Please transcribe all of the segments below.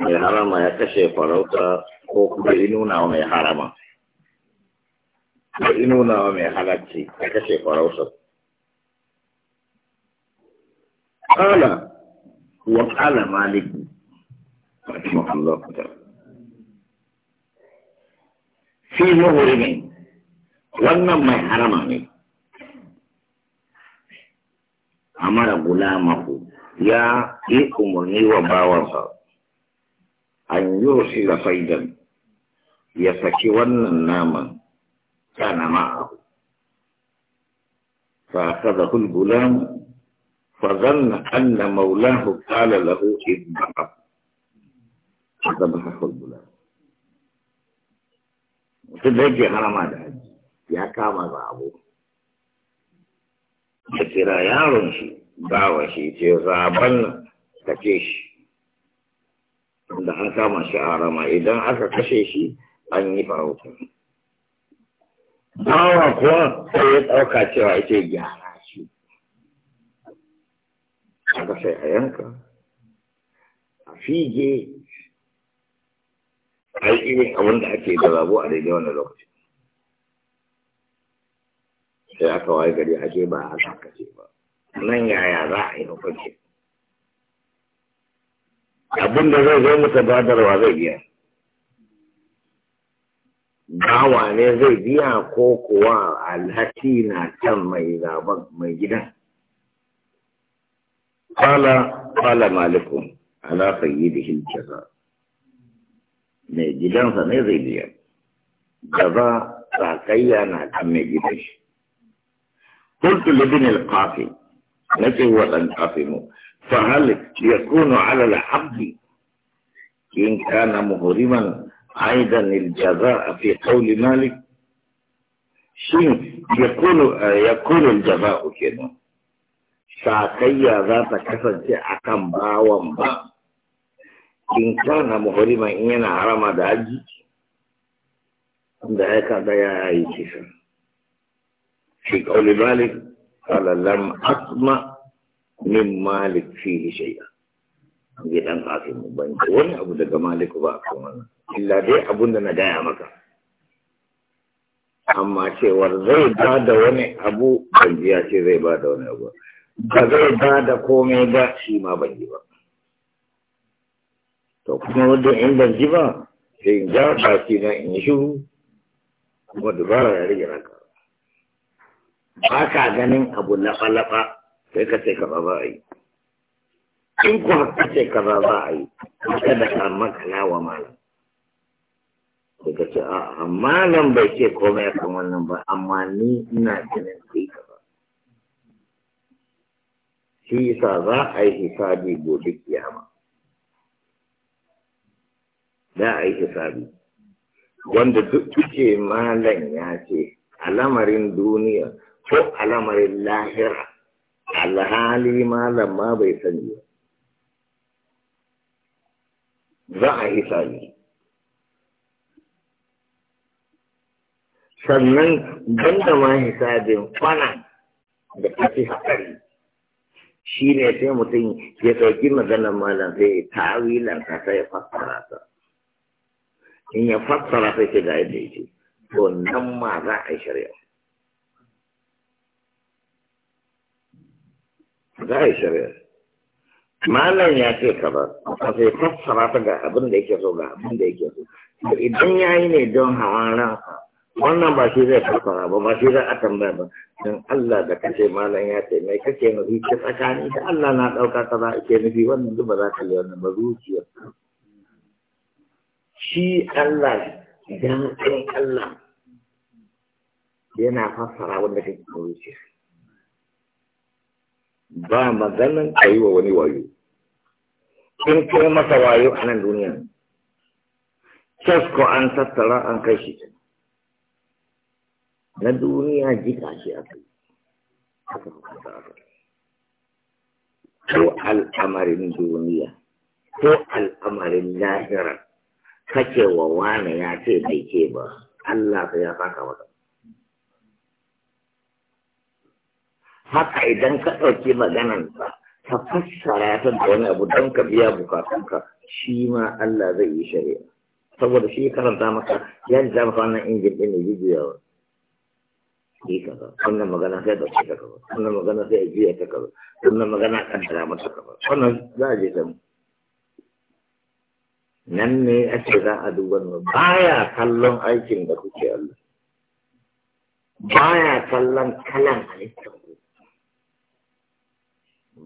mai harama ya kashe farauta ko kuma inuna wa mai harama inuna wa mai halarci ya kashe farauta ƙala wa ƙala maliki rahimahullah fi muhuri ne wannan mai harama ne amara gulamahu ya yi umarni wa bawansa an yursila faidan ya saki wannan naman kana ma'ahu fa akhadahu al-gulam fa dhanna anna mawlahu qala lahu a fadabahu al hulbulan mutum da yake harama da haji ya kama za abu ya kira yaron shi bawa shi ce zaben da ke shi da an kama shi a rama idan aka kashe shi an yi farauta bawa kuwa sai ya ɗauka cewa ita gyara shi aka sai a yanka a fije a yi irin abin da ake da rabo a daidai wani lokaci sai aka waye gari ake ba a kashe ba nan yaya za a yi hukunci abin da zai zai mata badarwa zai biya bawa ne zai biya ko kuwa alhaki na can mai zaben mai gidan kala kala malikun ala sayyidihi jaza mai gidansa ne zai biya gaba sakayya na kan mai gida shi na لابن wa نجي هو mu. فهل يكون على العبد إن كان مهرما أيضا الجزاء في قول مالك شين يقول يقول الجزاء كده ساكيا ذات كسر أكم باوان با إن كان مهرما إن حرم داجي عند هيك da ya yi kisa. Shi ƙauli Malik, قال لم أطمأ min malik fihi shay'a an bi dan kafin mu ban wani abu daga malik ba kan wannan illa dai abun da na gaya maka amma cewar zai ba da wani abu ban ji ya ce zai ba da wani abu ba zai ba da komai ba shi ma ban ji ba to kuma wanda in ban ji ba sai in ja shi na in yi shiru kuma dubara ya rage ranka ba ka ganin abu lafa-lafa sai ka ce kaba za a yi in kuma haka ce kaza za a yi kada ka makala wa malam sai ka ce a malam bai ce komai kan wannan ba amma ni ina ganin sai kaza shi yasa za a yi hisabi gobe kiyama za a yi hisabi wanda duk ce malam ya ce alamarin duniya ko alamarin lahira alhali malam ma bai sani ba za a hisabi sannan banda ma hisabin kwana da kafi haɗari shi ne sai mutum ya sauki maganar malam sai ya tawilan ka sai ya fassara ta in ya fassara sai ke ga yadda ce to nan ma za a yi shari'a za a yi shari'a malam ya ce ka ba a sai fassara ta ga abin da yake so ga abin da yake so idan ya yi ne don hawan ransa wannan ba shi zai fassara ba ba shi zai a tambaya ba don Allah da kace malam ya ce mai kake nufi ta tsakani da Allah na ɗauka ka za a ke nufi wannan duk ba za ka yi wannan ba zuciya shi Allah dan ɗan Allah yana fassara wanda kake zuciya ba maganan a yi wa wani wayo in kai masa wayo a nan duniya ko an tattara an kai shi na duniya jika shi a kai aka a kai ko al'amarin duniya ko al'amarin lahira kake wa wane ya ce bai ce ba Allah ya saka wata haka idan ka ɗauki maganansa ka fassara ta da wani abu don ka biya bukatunka shi ma Allah zai yi shari'a saboda shi karanta maka yan jam fannin injin ɗin yi shi yi ba wannan magana sai da ta kaza wannan magana sai ya biya ta kaza wannan magana kan da mata kaza wannan za a je ta nan ne ake za a duba baya kallon aikin da kuke Allah baya kallon kalan halittar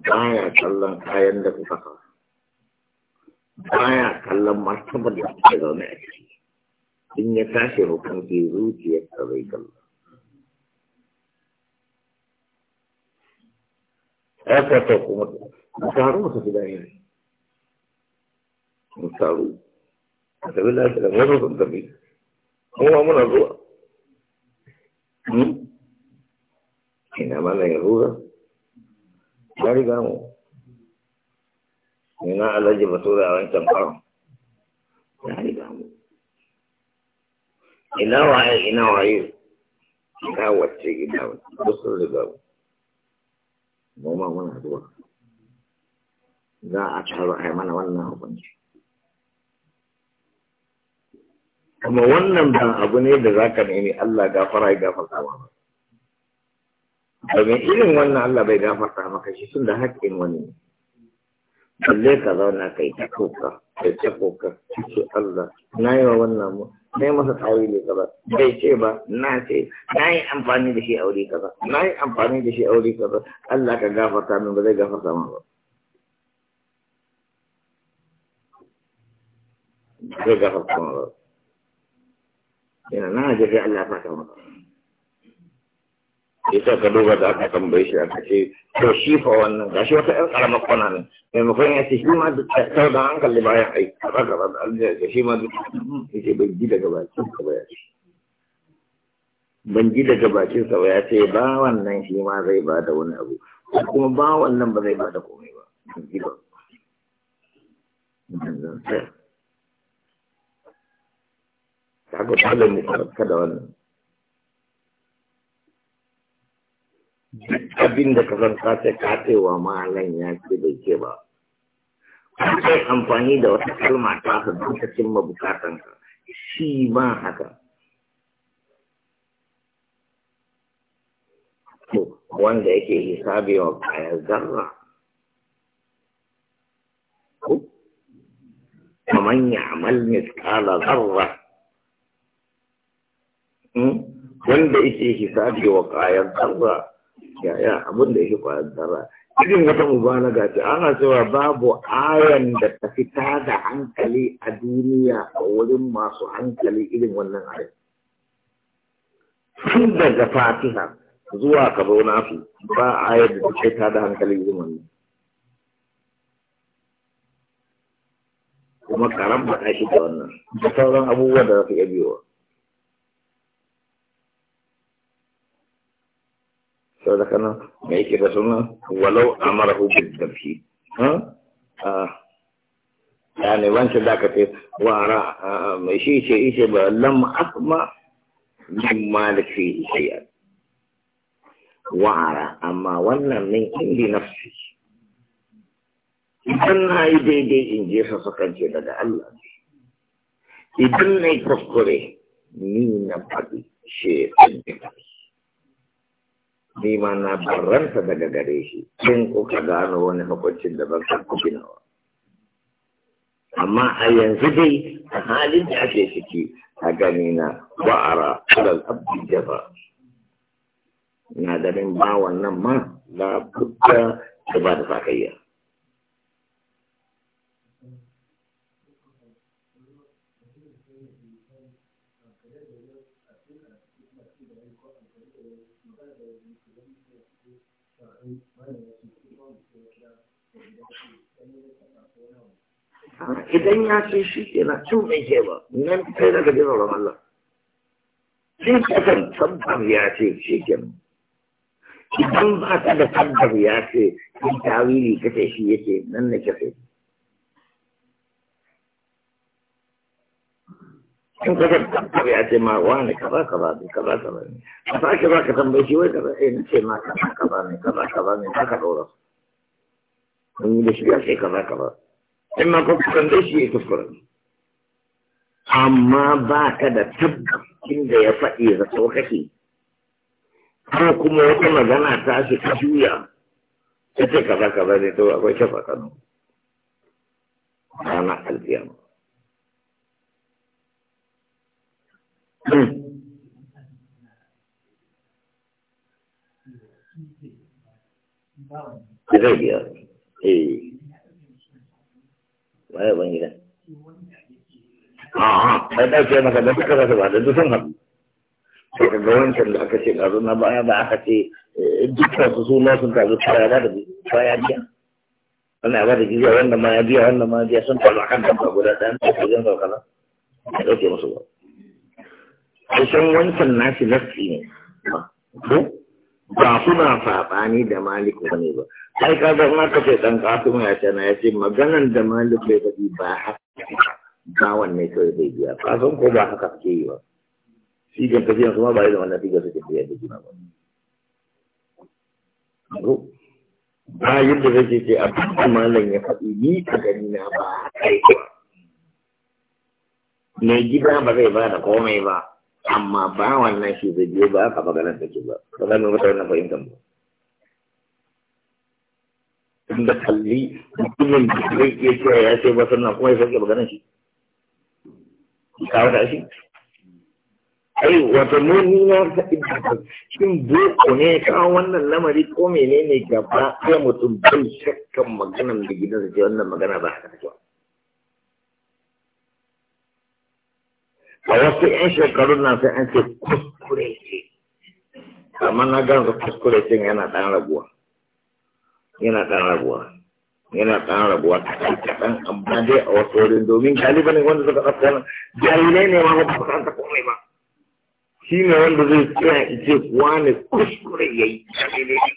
baya kallon kayan da kuka sa baya kallon martabar da kuke zaune a ciki in ya tashi hukunci zuciyarsa zai kalla aka ta kuma taru mu tafi dani ne mu taru a tafi lafiya da wani sun tafi kuma muna zuwa hmm? ina mana ya rura ya riga mu ina alhaji batura a wancan karon ya riga mu ina waye ina waye ina wacce ina wacce duk sun riga mu mu ma muna zuwa za a taru a yi mana wannan hukunci kuma wannan ba abu ne da za ka nemi Allah gafara ya gafarta ma ba domin irin wannan Allah bai gafarta maka shi Sun da haƙƙin wani ne balle ka zauna ka yi ta koka kai ta koka ce Allah na yi wa wannan mu na yi masa tawili kaza bai ce ba na ce na yi amfani da shi aure kaza na yi amfani da shi aure kaza Allah ka gafarta min ba zai gafarta ma ba zai gafarta ma ba yana na a sai Allah ya fata maka yasa ka duba da aka tambaye shi aka ce to shi fa wannan gashi wata ƴan karamar kwana ne maimakon ya ce shi ma duk tattau da hankali bayan ai kaza kaza da aljiya shi ma duk ya ce bai ji daga bakin ka ba ya ce ban ji daga bakin sa ba ya ce ba wannan shi ma zai ba da wani abu kuma ba wannan ba zai ba da komai ba ban ji ba ta ga talin mu da wannan abin da ka san ka ce ka ce malam ya ce da ke ba kai amfani da wata kalma ta ka cin ma bukatan ka shi ma haka to wanda yake hisabi wa kaya zarra kaman ya amal miskala zarra hmm? wanda yake hisabi wa kaya zarra yaya abin da ya shi kwayar zara irin wata ga ce ana cewa babu ayan da ta fita da hankali a duniya a wurin masu hankali irin wannan ayan tun daga fatiha zuwa ka zo nasu ba ayar da ta fita da hankali irin wannan kuma karan ba shi da wannan da sauran abubuwa da za su iya biyowa zakanan me yake da suna walau a mara hukun dabhi ya ne wancan da ka ce wara mai shi ce ishe ba lam asma min maliki shay'a wara amma wannan min indi nafsi idan na yi daidai in je sa sukan daga Allah idan na yi kuskure ni na faɗi shi ya Ni ma na baranta daga gare shi in ka gano wani hukuncin da ban san nawa amma a yanzu dai a halin da ake ciki a gani na wa'ara alal abdi jaba na ganin ba wannan ma la budda da ba da idan ya ce shi ke na cin mai ke ba nan kai daga jin tsoron Allah shi ka san tabbar ya ce shi ke idan ba ka da tabbar ya ce in tawili ka ce shi yake nan na kafe in ka san tabbar ya ce ma wani kaba kaba, ne kaba, kaba ne a sake ba ka tambaye shi wai kaba eh na ce ma kaza kaza ne kaza kaza ne ba ka ɗora. Mun yi da shi ya ce kaza kaza. in ma kuskuren dai shi ya amma ba ka da tabbacin da ya faɗi zato kake ko kuma wata magana ta shi ka juya ta ce kaza kaza ne to akwai shafa kano ranar alfiyama hmm. Zai biya, eh. waye ban gidan a'a ah, ah. sai dauke maka da suka rasa ba da dusan hannu. Saka ga wancan da aka ce ƙaru na baya ba aka ce dukkan su suna sun taru kaya ba da baya biya wannan ba da jiya wannan ma ya biya wannan ma ya biya sun taru kan dabba guda ɗaya na ke zan kaukana ya ɗauke musu ba. Kusan wancan nashi lafi ne. Ko? ba suna saɓani da maliku ne ba ai kaga in aka ce dan kasuma ya ce na ya ce maganan da maliku ya fadi ba haka ba wanne kawai bai biya kasan ko ba haka suke yi ba sigan tafiyan yanzu ma ba da wannan sigan suke tafiya da juna ba ba yadda zai ce a da malam ya fadi ni ka gani na ba haka yi ba Me gida ba zai ba da komai ba amma ba wannan shi zai je ba ka maganar da ke ba ba za mu mata wannan fahimtar ba inda kalli mutumin da zai ke cewa ya ce ba sannan kuma ya sauke maganar shi ka wata shi ai wata nuni na faɗi da shin boko ne kawo wannan lamari ko menene gaba ya mutum bai shakkan maganar da gidan da ce wannan magana ba haka take a wasu 'yan shekarun nan sai an ce kuskure ce amma na gansu kuskure ce yana dan rabuwa yana dan rabuwa yana dan rabuwa ta kai ta dan amma dai a wasu wurin domin galiba ne wanda suka ɗauka nan jahilai ne ma ba su karanta komai ba shi ne wanda zai tsaya kira ice wani kuskure ya yi ne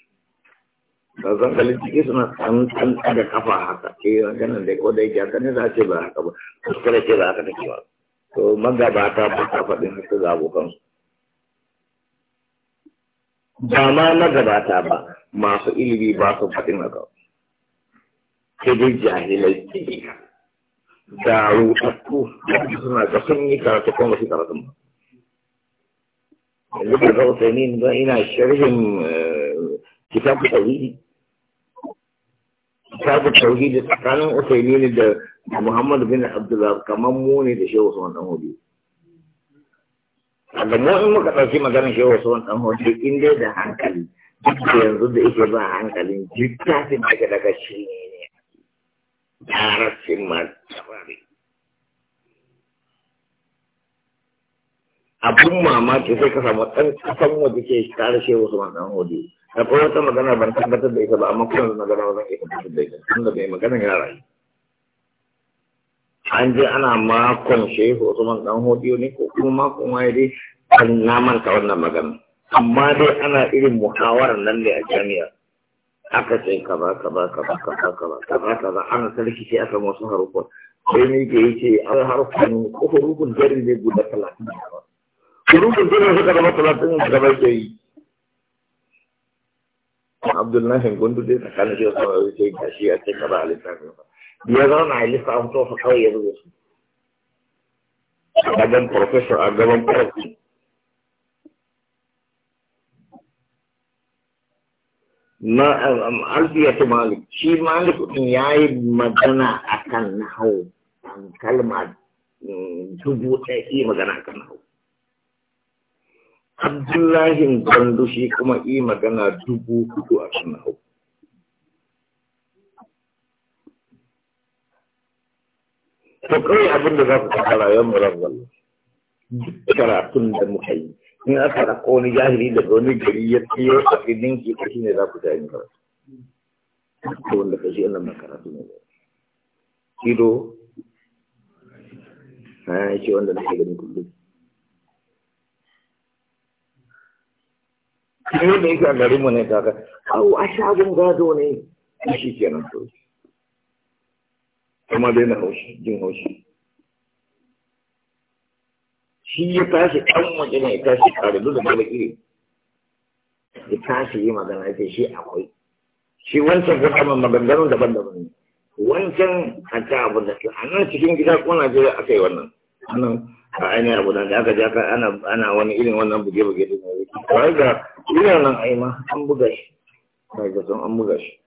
ba zan kalin ciki suna tsantsan da kafa haka eh ganin da ko da yake haka ne za a ce ba haka ba kuskure ce ba haka take ba to magabata ba ta faɗin haka ga abokansu ba ma magabata ba masu ilimi ba su faɗin haka sai dai jahilai da rutattu suna ga sun yi karatu kuma su karatu ba yanzu da zauta ne don ina sharhin eh, kitabu tauhidi kitabu tauhidi tsakanin usaini da da Muhammadu bin Abdullah kamar mu ne da Shehu Usman dan Hodi da mu in muka dauki maganar Shehu Usman dan Hodi in dai da hankali duk da yanzu da yake ba hankali duk ta fi daga daga shi ne ma martabari abun mamaki sai ka samu ɗan kasan waje ke kare Shehu Usman dan Hodi akwai wata magana ban tabbatar da ita ba amma kuma magana ba zan iya tabbatar da ita tunda bai magana ya rayu an je ana makon shehu Usman dan hodiyo ne ko kuma makon waye dai an na manta wannan magana amma dai ana irin muhawara nan ne a jami'a aka ce kaza ka kaza ka kaza ka kaza ana sarki shi aka musu harufan sai ne ke yi ce an harufan ko hurufun jari ne guda talatin da ba hurufun jari suka zama talatin da ba ke yi Abdullahi Gundu dai tsakanin shi da sauran sai gashi a cikin kaza a littafin ya zauna a lissa an tofa kawai ya zuwa su a a gaban farki ma um, alfiyatu malik shi malik din yayi magana akan nahwu an kalma mm, dubu ɗaya yi magana akan nahwu abdullahi gandu kuma yi magana dubu hudu to kawai abin da za ku kasa rayuwar mu ran wallo duk karatun da muka yi in aka ɗauko wani jahili da wani gari ya tsaye a filin ki shi ne za ku ta yin karatu to wanda ka shi annan karatu ne ba kido na ya ce wanda nake ganin kullum kiyo da yake a garinmu ne ka au a shagon gado ne shi kenan sosai kuma daina haushi jin haushi shi ya tashi ɗan waje ne ya tashi ƙari duk da ba iri ya tashi yi magana ya ce shi akwai shi wancan ko kuma maganganun daban-daban ne wancan a ta abu da a nan cikin gida ko Najeriya aka yi wannan anan a ainihin abu da aka ja ka ana wani irin wannan buge-buge da ne tare ga irin nan a yi ma an buga shi tare yi sun an buga shi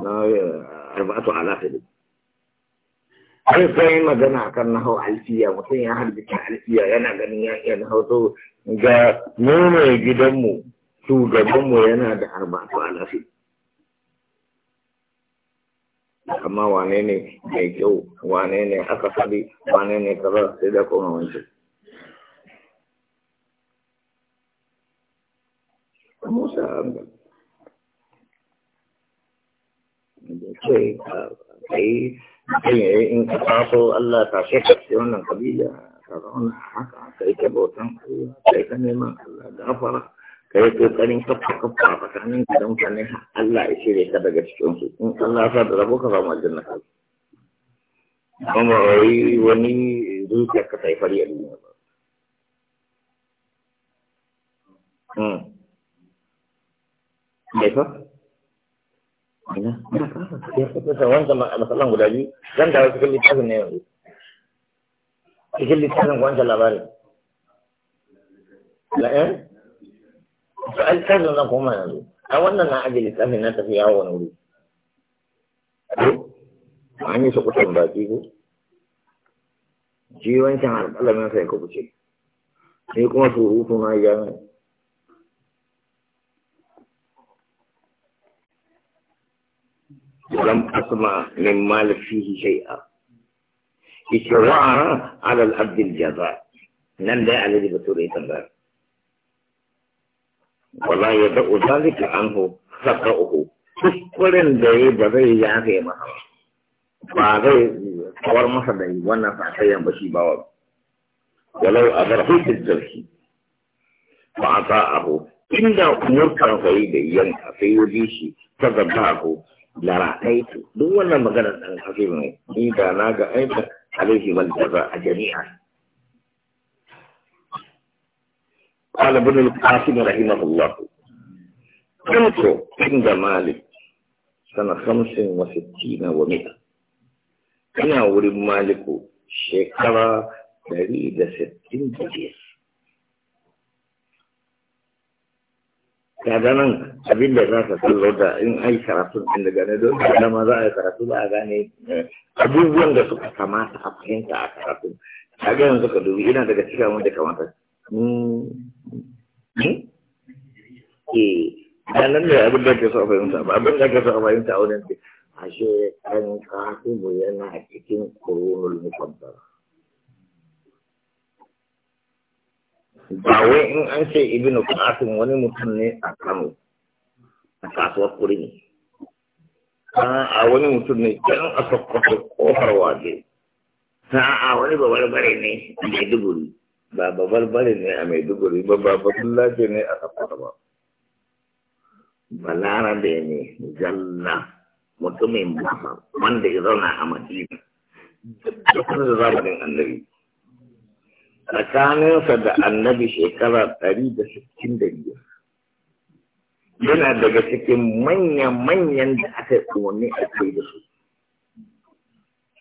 na arba'atu alaƙa sai sai magana akan nahau alfiya mutum ya harbita alfiya yana ganin ya iya nahau ga mu gidanmu shugabanmu yana da arba'atu alafi amma wane ne mai kyau wane ne aka faɗi wane ne kaza sai da koma wancan Musa Eh, in ka taso Allah ta shi ka ce wannan kabila ka zauna haka ka yi ta bautan ka yi ta neman Allah gafara ka yi kokarin kafa kafa a tsakanin ka don Allah ya shirya ka daga cikin su in Allah sa da rabo ka samu aljanna ka kuma wai wani zuciya ka sai fari a duniya ba hmm. me fa ya fito da wancan matsalan guda biyu zan dawo cikin littafin ne yanzu cikin littafin wancan labarin la'in su an littafin zan koma yanzu a wannan na ajiye littafin na tafi yawo wani wuri an yi su kusan baki ko shi wancan alƙalamin sai ka kuce ni kuma surutu na jami'a ولم أسمع من مالك فيه شيئا إشراعنا على الأبد الجزاء لن لا الذي بتوري تبار ولا يدع ذلك عنه فقعه تشكر لدي بغي يعني ما بغي طور ما سبعي وانا فعطيا بشي بواب ولو أدرحي في الزرحي فعطاءه إن دا أمور كان غريبة ينحى فيوديشي تدباه da ra'aitu duk wannan magana dan hafi mai ni da na ga eh, aika alaihi wal jaza a jami'a qala ibn al qasim rahimahullah kanto inda malik sana khamsin wa sittina wa mi'a kana wurin maliku shekara dari da sittin da biyar kaga nan abin da za ka kallo da in ai karatu inda daga ne don da ma za a yi karatu ba a gane eh, abubuwan da suka kamata a fahimta a karatu kaga yanzu ka dubi ina daga cikin wanda kamata hmm? Hmm? eh da nan ne abin da ke so fahimta ba abin da ke so a fahimta a wurin ce ashe an kasu mu yana cikin kurunul mukaddara ba wai in an ce ibnu qasim wani mutum ne a Kano a kasuwar kuri ne a wani mutum ne can a sokoto kofar waje a wani babar bare ne a maiduguri ba babar bare ne a maiduguri ba ba babullaje ne a sokoto ba balarabe ne zalla mutumin basa wanda ya zauna a madina duk da zamanin annabi tsakaninsa da annabi shekara ɗari da sittin da biyar yana daga cikin manya-manyan da aka yi umarni a kai da su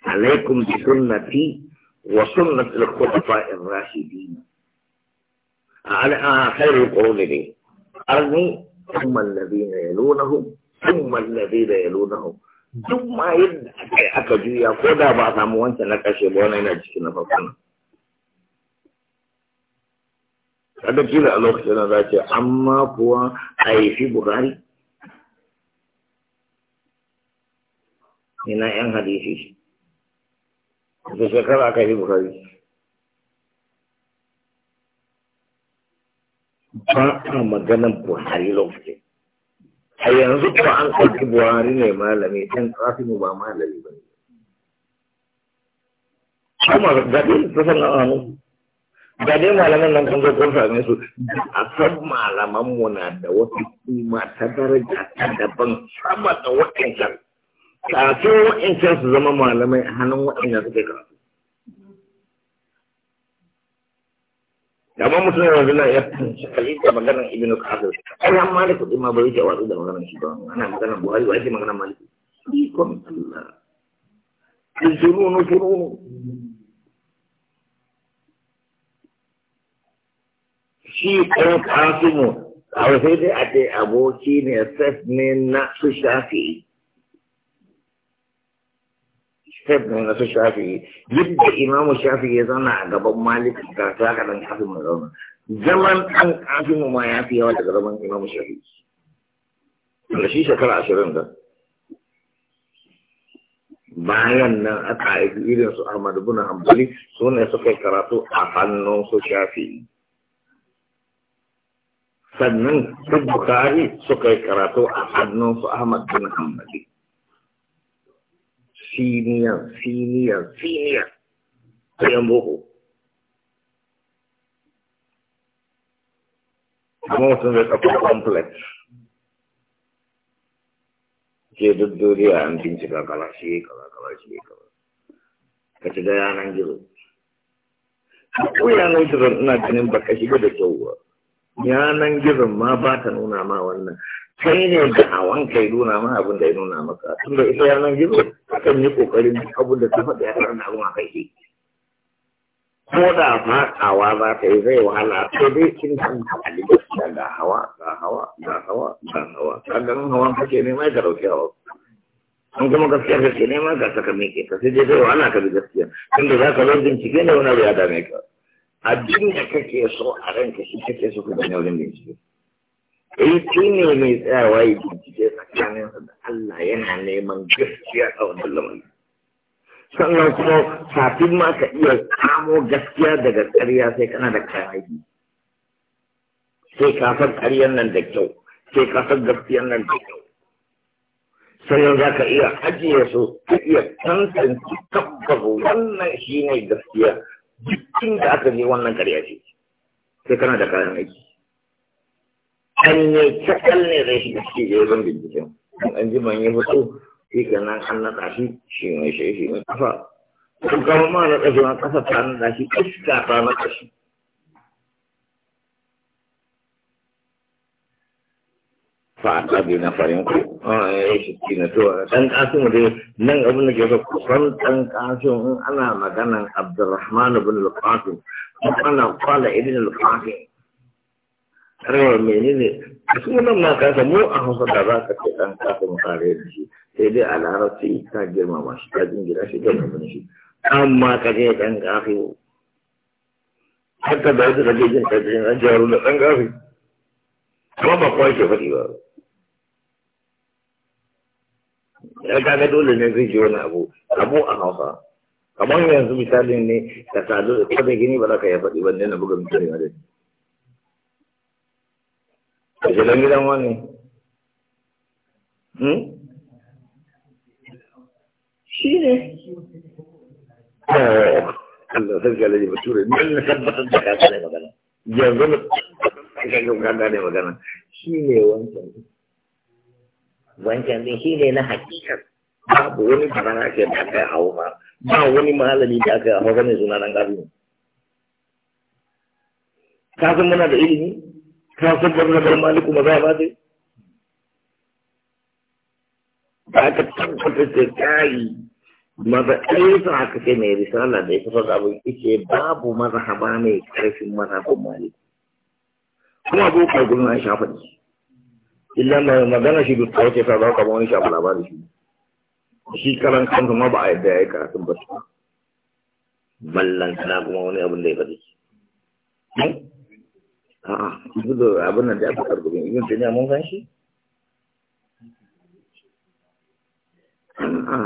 alaikum bi sunnati wa sunnati al-khulafa'i ar-rashidin ala khairul quruni ne arni thumma alladhina yalunahum thumma alladhina yalunahum duk ma yadda aka juya ko da ba a samu wancan na kashe ba wannan yana cikin na farko kada kila a lokacin da za ce amma kuwa a yi fi bukari ina yan hadisi da shekara aka yi bukari ba a maganan buhari lokacin a yanzu kuma an ɗauki buhari ne malami ɗan ƙasimu ba malami ba ne kuma gaɗin ta sanar a musu da dai malaman nan kun zo kun su a san malaman mu na da wata kima ta daraja ta daban sama da wa'ancan kafin wa'ancan su zama malamai a hannun wa'ancan suke karatu amma mutum yanzu na ya kalli da maganar ibnu kafir ai an malik din ma bai wuce watsu da maganar shi ba ana maganar buhari ba ake maganar malik ikon allah turu sununu shi ɗan kasimu a sai dai a dai aboki ne sef ne na su shafi sef ne na su shafi yadda imamu shafi ya zauna a gaban malik da ta ka ɗan kasimu zauna zaman ɗan kasimu ma ya fi yawa daga zaman imamu shafi da shi shekara ashirin da bayan nan aka aiki irin su Ahmadu bin Hanbali su ne suka karatu a hannun su Shafi'i sannan su bukari suka yi karatu a hannun ahmad bin hamadi siniyan siniyan siniyan sayan boko amma mutum zai kafa complex ke duk duniya an bincika kala shi kala kala shi kala ka ci da yanan gizo ko yanan gizo ina ganin baka shiga da kyau ba yanan gizon ma ba ta nuna ma wannan sai ne da hawan kai nuna ma abin da ya nuna maka tun da ita yanan gizo kan yi kokarin abin da ta faɗi a tsarin da abin a kai shi ko da faɗawa za ta yi zai wahala sai dai kin san hali da ga hawa ga hawa ga hawa ga hawa ka ganin hawan kake nema ka ɗauki hawa an kuma gaskiya kake nema ga saka mike ka sai dai zai wahala ka bi gaskiya da za ka lardin cike ne wani abu ya dame ka abin da kake so a ranka shi kake so ka gane wurin bincike eh shi ne mai tsayawa ya bincike tsakanin da Allah yana neman gaskiya a wannan lamarin sannan kuma kafin ma ka iya samo gaskiya daga ƙarya sai kana da kayan sai ka san ƙaryan nan da kyau sai ka san gaskiyan nan da kyau sannan za ka iya ajiye su ka iya tantance tabbas wannan shi ne gaskiya tun da aka je wannan karya ce sai kana da kayan aiki an yi cakal ne zai shi ciki da yawan bincike an ji man ya fito shi nan an naɗa shi shi mai shi shi mai kafa kuma ma na ƙashi ma ƙasa ta naɗa shi iska ta naɗa shi fa'ata bi na farin ku An ya shi na to dan kasim dai nan abin da ke so kusan dan kasim in ana maganan abdurrahman ibn al-qasim in ana kwala ibn al-qasim karwa menene sunan ma kansa mu a hausa da za ka ce dan kasim kare da shi sai dai a larabci girma ma shi ka jingira shi da mun shi amma ka je dan kasim haka da wasu da ke jin kajin an jaru da dan kasim Kuma ba kwa ke faɗi ba ya kaga dole ne zai ji wani abu abu a hausa kamar yanzu misalin ne ka sadu da kada gini ba za ka yi faɗi ba ne na buga misali ma dai a jiran gidan wani hmm? shi ne eh, Allah sarki alaji bature nan na tabbatar da ka ne magana yanzu na tabbatar da ka ne magana shi ne wancan wancan din shi ne na hakikar babu wani barana ke da aka hawo ba ba wani malami da aka hau ganin suna nan gabi ne ka san muna da ilimi ka san barna bar maliku maza ba dai ba ka tabbata da kai maza ɗaya sa haka ce mai risala da ya fasa da abin ike babu mazhaba mai karfin mazhabin maliku kuma zo ka gudun shafa ne illa mai magana shi duk kauce ta zaka ba wani shafa labarin shi shi karan kanka ma ba a yadda yayi karatun ba ballan kana kuma wani abin da ya faɗi a'a ibu da abin da aka karbi ibn tuniya mun san shi a'a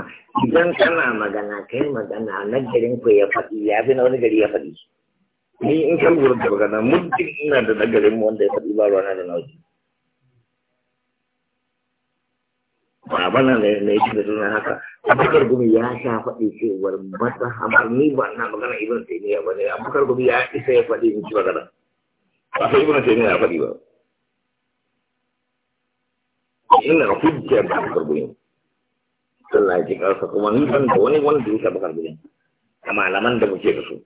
idan kana magana kai magana na garin ku ya faɗi ya fi na wani gari ya faɗi ni in kan gurin da magana muddin ina da nagarin wanda ya faɗi ba ruwana da nauyi babana da yi da suna haka abubakar gumi ya sha faɗi cewar mata hamar ni ba na magana ibn taymiya ba ne abubakar gumi ya isa ya faɗi ba sai ibn taymiya ya faɗi ba ina hujja da abubakar gumi sallah ji kuma ni ban da wani wanda ya abubakar gumi amma malaman da muke da su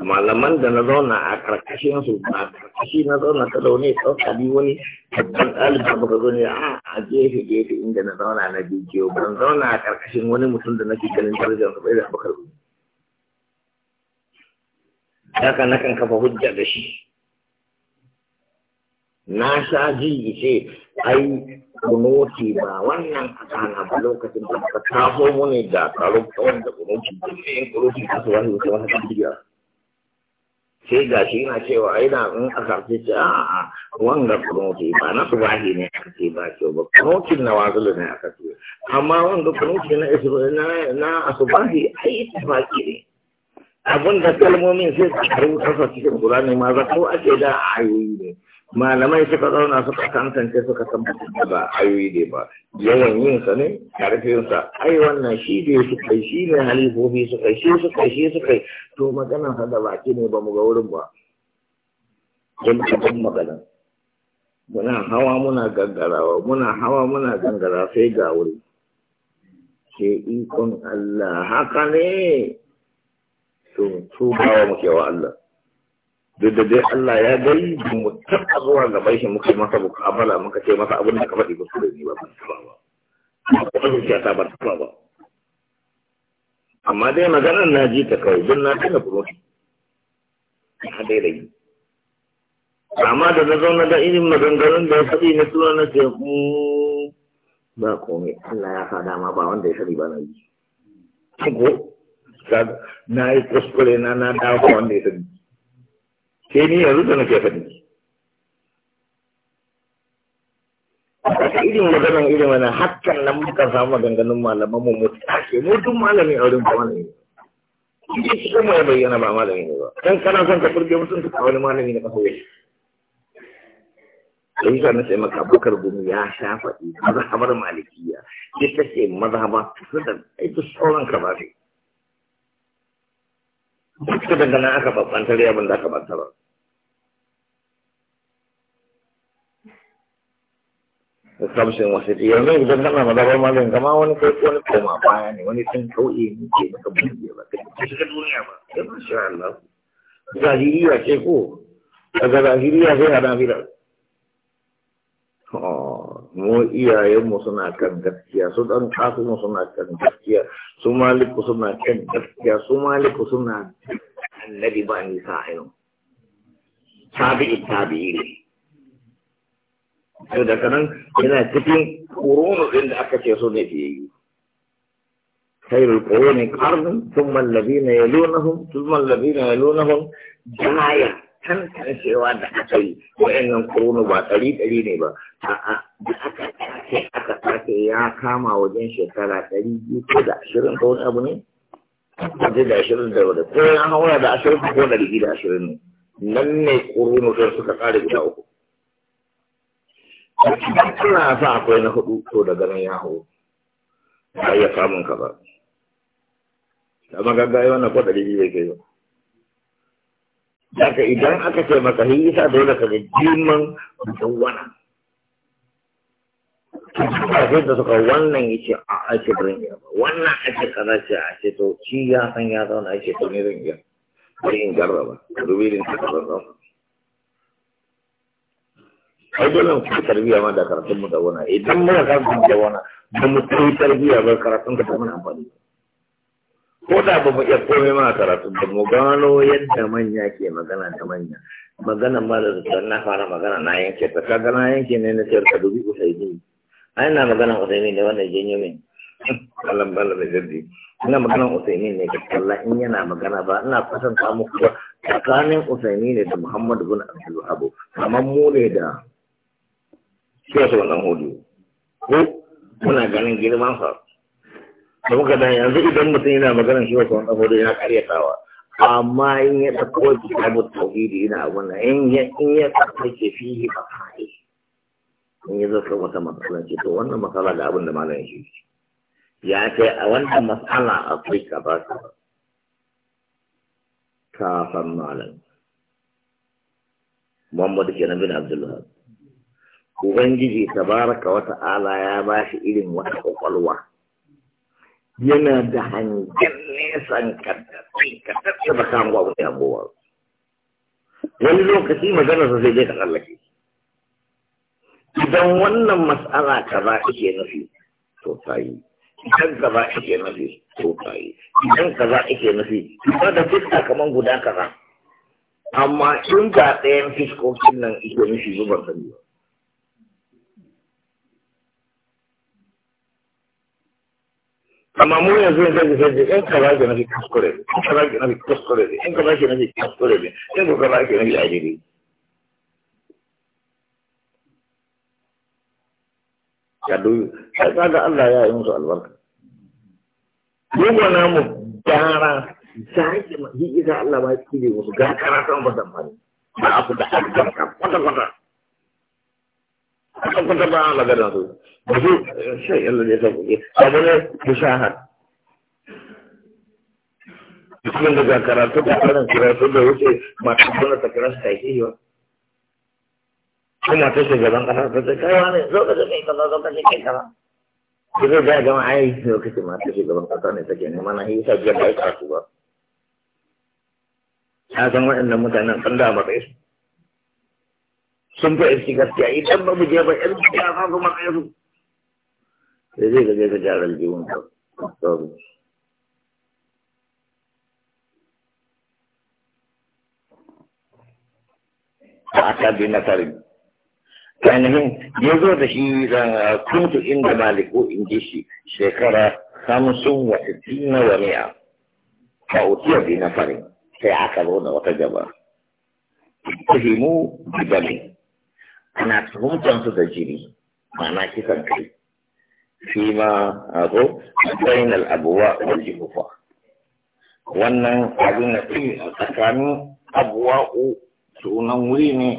malaman da na zauna a karkashin su a karkashi na zauna ta zaune ɗauka bi wani babban ɗaliba baka zo ne a ah, a gefe gefe inda na zauna na bidiyo ban zauna a karkashin wani mutum da nake ganin darajar su bai da abakar zuwa haka na kan kafa hujja da shi na sha ji ce ai kunoti ba wannan a kana ba lokacin da ka taho mu ne da karo kawai da kunoti da yin kunoti ta suwa ne wata wani bidiyo sai ga shi yana cewa na in aka ce ce a a wanga kunoti ba na subahi ne aka ce ba ce ba kunotin na wazulu ne aka ce amma wanga kunoti na na na asubahi ai ittifaqi ne abin da kalmomin sai ka rubuta su cikin Qur'ani ma za ko ake da ayoyi ne malamai suka zauna suka tantance suka tabbatar da ba ayoyi ne ba yawan yin sa ne karfin sa ai wannan shi ne su kai shi ne halifofi su kai shi su kai shi su kai to maganar sa da baki ne ba mu ga wurin ba don ban maganar muna hawa muna gangarawa muna hawa muna gangara sai ga wuri ke ikon Allah haka ne to tubawa muke wa Allah duk da dai Allah ya gani da mu taɓa zuwa ga shi muka yi masa mukamala muka ce masa abin da ka faɗi ba su da ni ba ban taɓa ba kuma ta ban taɓa ba amma dai maganar na ji ta kawai don na tana buroti na dai da yi amma da na zauna da irin maganganun da ya faɗi na tura na ce hmm, ba komai Allah ya sa dama ba wanda ya sani ba na yi ko na yi kuskure na na dawo wanda ya sani sai ni yanzu da nake faɗi irin maganan irin wani hakan nan muka samu maganganun malaman mu mu tashi mu duk malami a wurin malami ne shi shi kuma ya bayyana ba malami ne ba dan kana son ka furge mutum ka wani malami ne ka hoye sai sa na sai maka bakar gumi ya sha faɗi mazhabar malikiya ita ce mazhaba da ita sauran ka ba sai duk da dangana aka babbantar abin da aka bantar ba kamshin wasu ɗi yanzu idan kana madabar malin kama wani kai wani koma baya ne wani sun kauye ne ke maka buɗe ba kai shiga duniya ba sai ma sha Allah zahiriya ce ko daga zahiriya sai hada fila oh, mu iyaye mu suna kan gaskiya su dan kasu mu suna kan gaskiya su maliku suna kan gaskiya su maliku suna annabi ba ni sa'ayin tabi'i tabi'i ne sai daga nan yana cikin ƙorono ɗin da aka ce so ne fiye yi khairul quruni qarnun thumma alladhina yalunahum thumma alladhina yalunahum jaya cewa da aka yi wa'annan ƙorono ba ɗari ɗari ne ba a'a da aka tace aka tace ya kama wajen shekara ɗari biyu ko da ashirin ko wani abu ne wajen da ashirin da ko ya haura da ashirin ko ɗari biyu da ashirin ne nan ne ƙorono ɗin suka ƙare guda uku idan Allah ya sa akwai na hudu to daga nan ya hau ba ya samun ka ba amma gaggawa wannan ko dalili bai kai ba daga idan aka ce maka hi isa dole ka ga jiman dawwana kafin da suka wannan ya ce a ake barin iya ba wannan ake kaza ce a ce to shi ya san ya zauna ake to ya zan iya bari in jarraba ka dubi irin ta kaza ai dole mu tarbiya ma da karatun mu da wani idan muna karatun da wani ba mu kai tarbiya ba karatun ka da wani amfani ko da ba mu iya komai ma karatun. ba mu gano yadda manya ke magana da manya magana ma da na fara magana na yanke ta kaga na yanke ne na sayar ka dubi usaini ai na magana usaini ne wannan janyo min Allah bala da jirgi ina magana usaini ne ga Allah in yana magana ba ina kwatanta muku ba tsakanin usaini ne da Muhammadu bin Abdul Wahhab kamar mu ne da shi wasu wannan hudu ko muna ganin girman sa da muka dan yanzu idan mutum yana maganar shi wasu wannan hudu yana karyatawa amma in ya ɗauko kitabu tauhidi ina abun nan in ya in ya ɗauko ke fihi ba fa'i in ya zaka wata matsala ce to wannan matsala ga abin da malamin shi ya ce a wannan matsala akwai kaza kaza San malam Muhammad kenan bin Abdullah ubangiji tabaraka wa ta'ala ya ba shi irin wata kwakwalwa yana da hangen nesan kaddafi ka tattaba kan gwamnati wani abubuwa wani lokaci magana sa sai dai ka tsallake idan wannan mas'ala ba ike nufi to ta yi idan ba ike nufi to ta yi idan ba ike nufi ba da fuska kamar guda kaza amma in ga ɗayan fiskokin nan ike nufi ba ban sani amma mu yanzu yanzu da sai in ka baki na kuskure in ka baki na kuskure in ka baki na kuskure in ka ke na ajiri ka dubi sai Allah ya yi musu albarka duk mu gara zaki ma yi idan Allah ma ya kire musu ga karatun ba da mani ba abu da haka kwata kwata kwata kwata ba Allah gadan su ba zai shai Allah ya san kuɗi abu ne mushaha cikin daga karatu da karin karatu da wuce mata kuna ta kira su ta yi wa kuma ta shugaban kasa ta ce kai wani zo ka kai kaza zo ka kai kaza ki zai ga gama ai lokacin mata shugaban kasa ne take ne mana yi sa jiya da karatu ba ta san waɗannan mutanen matsayi sun fi idan ba mu je ba irin da sai zai gaje ka gyara aljihun ka sauri a tabi na tarin ainihin ya zo da shi zan uh, kuntu inda ko in ji shi shekara hamsin wa ne wa mi'a fa utiya bi na farin sai aka zo da wata gaba fahimu, bi dami ana tuhumtansu da jiri ma'ana kisan kai فيما أقول بين الأبواء والجفوف wannan abin da ke a tsakanin u sunan wuri ne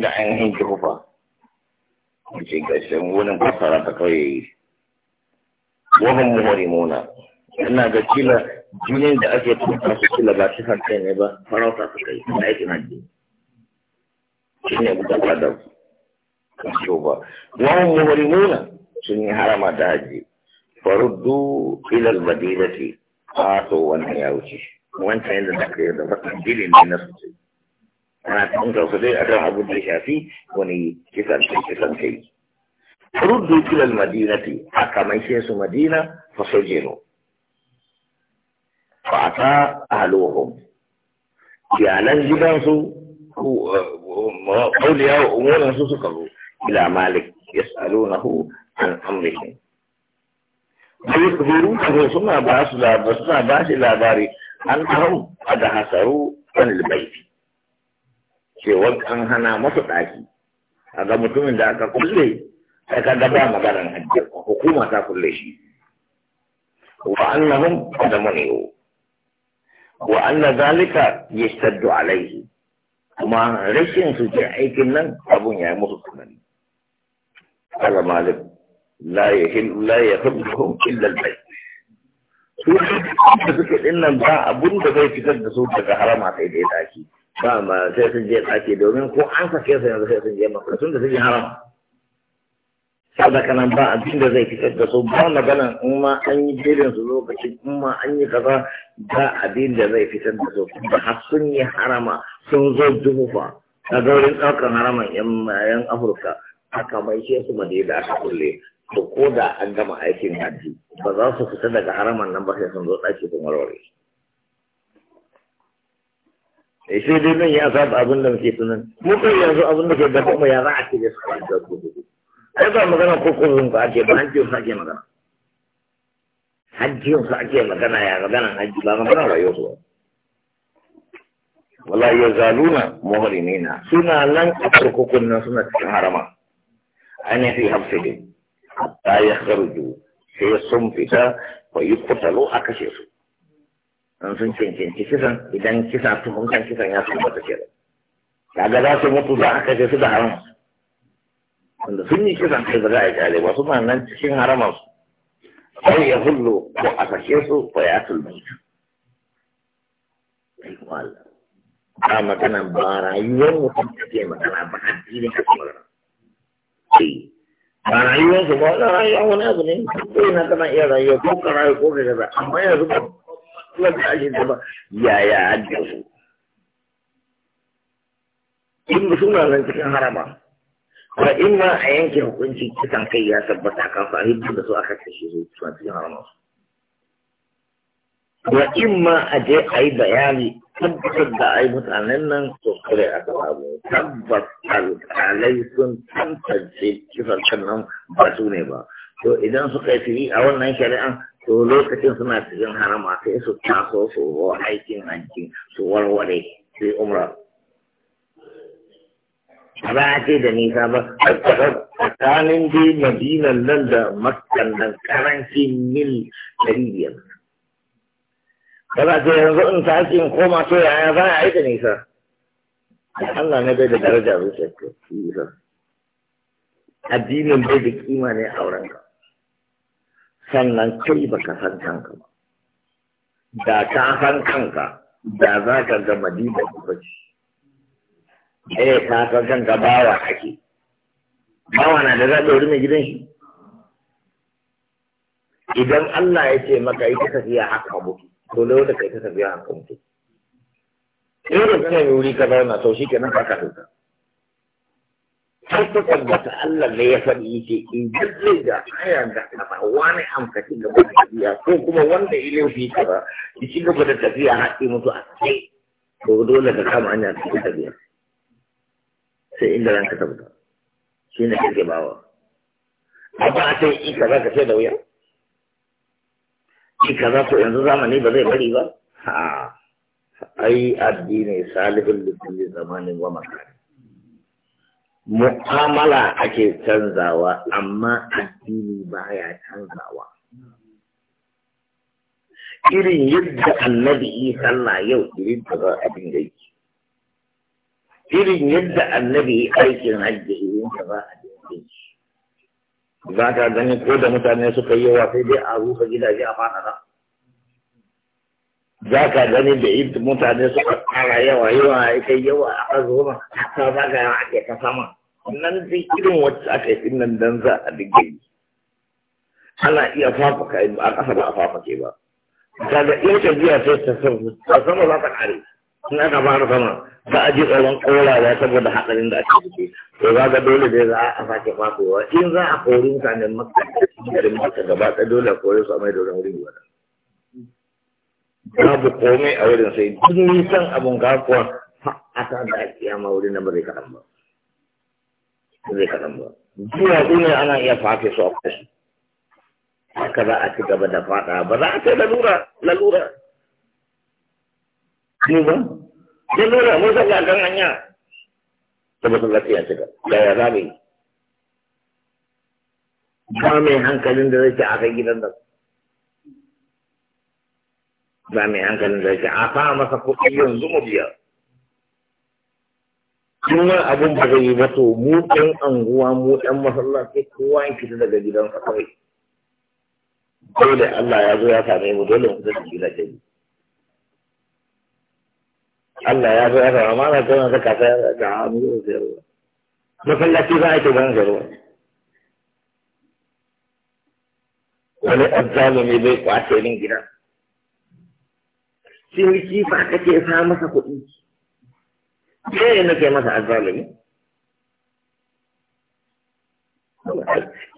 da ainihin jihufa wace gashin wurin fasara ta kawai yi wahon muhari muna yana ga kila jinin da ake tuka su kila ba shi hankai ne ba farauta su kai na aikin hajji shi ne bukatar da ba wahon muhari muna سنی حرام دا حجی فردو الى المدینة خاتو ونحیا وچی وان چاین دا تکریر دا فرطن دیل انتی نسو سی انا تون تو سدے اگر حبود دی شافی ونی کسان سی کسان سی فردو الى المدینة حقا میشی سو مدینة فسجنو فاتا اهلوهم جعلن جبانسو قول يا أمور نسوس قالوا إلى مالك يسألونه an amrihi ويخبرونه ثم bashi labari an الأباري a da حصروا عن البيت cewa an hana masu ɗaki a ga mutumin da aka kulle sai ka gaba maganar hajji hukuma ta kulle shi wa annahum qad mani'u wa anna zalika yashtaddu alayhi kuma rashin su ce aikin nan abun ya yi musu tsanani kala malik la yahillu la yahilluhum illa al-bayt su da suke din nan ba abun da zai fitar da su daga harama sai dai daki ba ma sai sun je daki domin ko an sake su yanzu sai sun je maka da sun yi harama saboda nan ba abin da zai fitar da su ba magana in ma an yi jerin su lokacin in ma an yi kaza ba abin da zai fitar da su ba har sun yi harama sun zo juhufa a gaurin ɗaukar haraman 'yan afirka aka mai su madina aka kulle to ko da an gama aikin hajji ba za su fita daga haraman nan ba sai sun zo ɗaki sun warware eh sai dai nan ya saba abin da muke tunan mu kai yanzu abin da ke gaba mu ya za a ce da su da ai ba magana ko ko zun ba, ake ba hajji sa ake magana hajji sa ake magana ya magana hajji ba magana rayuwa ba wala yazaluna muhrimina suna nan a kurkukun nan suna cikin harama ainihin fi hafsidin hatta ya kharju sai sun fita wa yuqtalu a kashe su an cin cancanci kisan idan kisa tuhumtan kisan ya san mata kenan kaga za su mutu za a kashe su da haram wanda sun yi kisan kai ba za a kyale ba suna nan cikin haraman su sai ya hullo ko a kashe su ko ya tulmutu ba magana ba rayuwar mutum ce magana ba addinin ka magana ba rayuwar su ba wani rayuwa wani abu ne ko ina tana iya rayuwa ko ka rayu ko ka gaza amma yanzu ba kula da ake zama yaya hajjar su in mutum na nan cikin harama ba in ma a yanke hukunci kisan kai ya tabbata kan fa hidda da su aka kashe su suna cikin harama su wa in ma a je a yi bayani tabbatar da ai mutanen nan to kare a samu tabbas alkalai sun tantance kifar kan nan ba su ne ba to idan suka yi fili a wannan shari'an to lokacin suna cikin harama sai su taso su zo aikin hanci su warware sai umra ba a ce da nisa ba tsakanin dai madinan nan da makkan nan karancin mil ɗari kana ce yanzu in ta tashi in koma to yaya za a aika nisa Allah ne bai da daraja bai sai nisa addinin bai da kima ne a wurin ka. sannan kai ba ka san kanka ba da ka san kanka da za ka ga madina ba bace eh ka san kanka bawa ake bawa na da zaɓe wuri mai gidan shi idan Allah ya ce maka yi ta tafiya haka muke. dole wanda kai ta tafiya haka mutu in da kana yi wuri ka na to shi kenan ka kasu ka har ta tabbata Allah ne ya faɗi yake in jirgin da aya da ba wani amfani da wani tafiya ko kuma wanda ya laifi ka ba ya ci gaba da tafiya haɗe mutu a kai to dole ka kama hanya ta tafiya sai inda ranka tabbata shi ne kake bawa ba a sai in ka za ka sai da wuya shi za ku yanzu zamani ba zai bari ba ha ai addini salihun likulli zamanin wa makari. mu'amala ake canzawa amma addini ba ya canzawa irin yadda annabi isa na yau irin da za a dinga yi irin yadda annabi aikin hajji irin da za a dinga yi za ka gani ko da mutane suka yi yawa sai dai a rufe gidaje a fadada za ka gani da yi mutane suka tsara yawa yawa ya kai yawa a azoma ta za ka yawa ake ta sama nan zai irin wacce aka yi nan dan za a yi ana iya fafaka a ƙasa ba a fafake ba kaga iya tafiya sai ta sama za ta ƙare in aka fara sama za a ji tsoron korawa saboda hatsarin da ake ciki to za ga dole dai za a sake fasowa in za a kori mutanen makka garin makka gaba ɗaya dole a kore su a mai da wurin gwada babu komai a wurin sai duk nisan abin kakuwa a ta da kiyama wurin nan ba zai kaɗan ba zai kaɗan ba jiya ne ana iya fafe su a kusa haka za a ci gaba da faɗa ba za a ce lalura lalura Kenapa? ya zo da musa ga kan hanya ta ba sallaci ya shiga da ya zaɓe ba mai hankalin da zai ce a kai gidan da ba mai hankalin da zai ce a fa masa kuɗi yanzu mu biya in wani abin ba zai yi ba to mu ɗan anguwa mu ɗan masallaci kowa ya daga dole Allah ya zo ya same mu dole mu zai gida Allah ya zo ya fara mana ta wani zaka ta da hannu da sayarwa masallaci ba a ce ban sayarwa wani azzalumi bai kwace min gida sirki fa kake sa masa kuɗi Ke ne kai masa azzalumi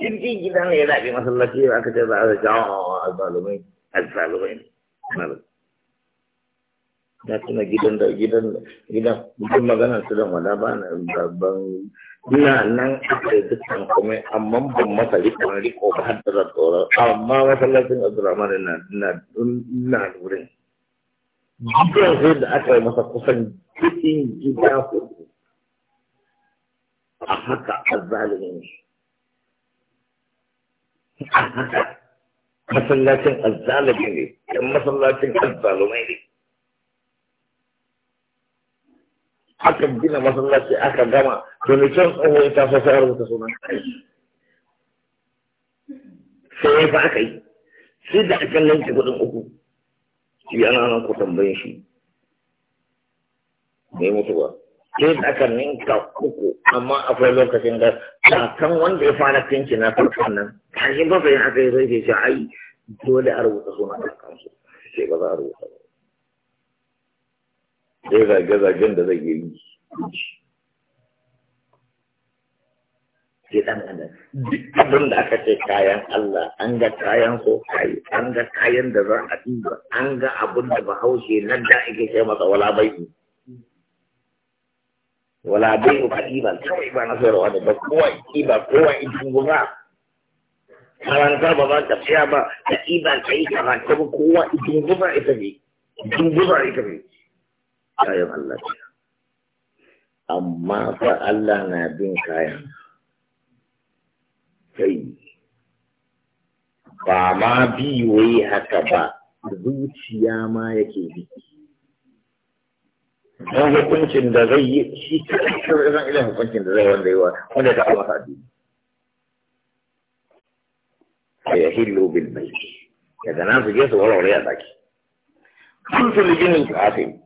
sirki gidan ne ya zaɓi masallaci ba aka ce za a zai jawo ah, azzalumai azzalumai ne na tuna gidan da gidan gidan mutum magana su da wala ba na babban ina nan aka dukkan kuma amma ban masa rikon riko ba har da tsoron amma masallacin abdurrahman na na na wurin gidan sai da aka yi masa kusan cikin gida kudu a haka zalimin shi a haka masallacin azzalimin ne masallacin azzalumai ne aka gina masallaci aka gama to ne can tsoho ita so sai a rubuta sunan sai ya fa aka yi sai da aka lanke kudin uku shi ana nan ku tambayin shi bai mutu ba sai da aka ninka uku amma akwai lokacin da kan wanda ya fara tinki na farkon nan kashin bafayin aka yi zai ce ai dole a rubuta suna sunan kansu sai ba za a rubuta ba sai zage-zagen da zai yi ke dan adam duk abin da aka ce kayan Allah an ga kayan so kai an ga kayan da za a diba an ga abin da bahaushe nan da ake ce masa wala bai wala bai ba diba kawai ba na sayarwa da ba kowa diba kowa idin goma karanta ba ba ta tsaya ba ka diba kai ka ba kowa idin goma ita ne idin goma ita ne kayan Allah ce amma fa Allah na bin kayan kai ba ma bi wai haka ba zuciya ma yake bi don hukuncin da zai yi shi kan irin hukuncin da zai wanda yi wa wanda ta masa addini sai ya hillo bil mai daga nan su je su wara a tsaki kun su liginin kafin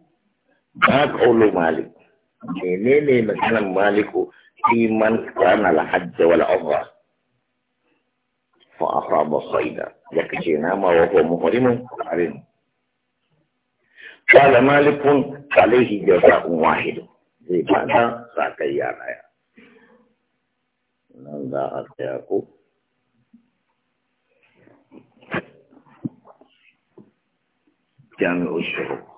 ما قول مالك منيني مثلا مالك في من كان الحج والعمرة فأصاب الصيد يكفي نام وهو محرم محرم قال مالك عليه جزاء واحد زي fada ساكي يا nan za